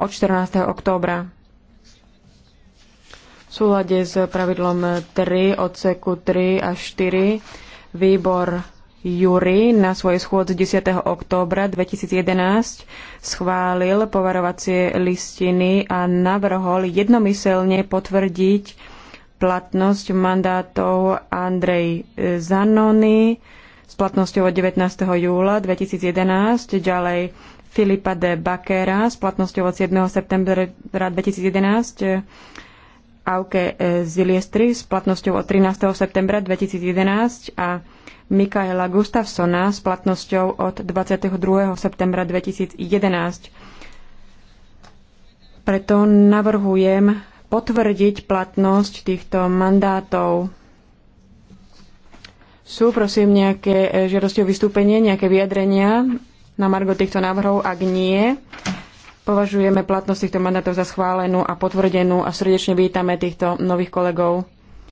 od 14. októbra. V súlade s pravidlom 3 odseku 3 a 4 výbor Jury na svojej schôdzi 10. októbra 2011 schválil povarovacie listiny a navrhol jednomyselne potvrdiť platnosť mandátov Andrej Zanony, s platnosťou od 19. júla 2011, ďalej Filipa de Bakera s platnosťou od 7. septembra 2011, Auke e, Ziliestri s platnosťou od 13. septembra 2011 a Mikaela Gustafsona s platnosťou od 22. septembra 2011. Preto navrhujem potvrdiť platnosť týchto mandátov sú prosím nejaké e, žiadosti o vystúpenie, nejaké vyjadrenia na margo týchto návrhov? Ak nie, považujeme platnosť týchto mandátov za schválenú a potvrdenú a srdečne vítame týchto nových kolegov.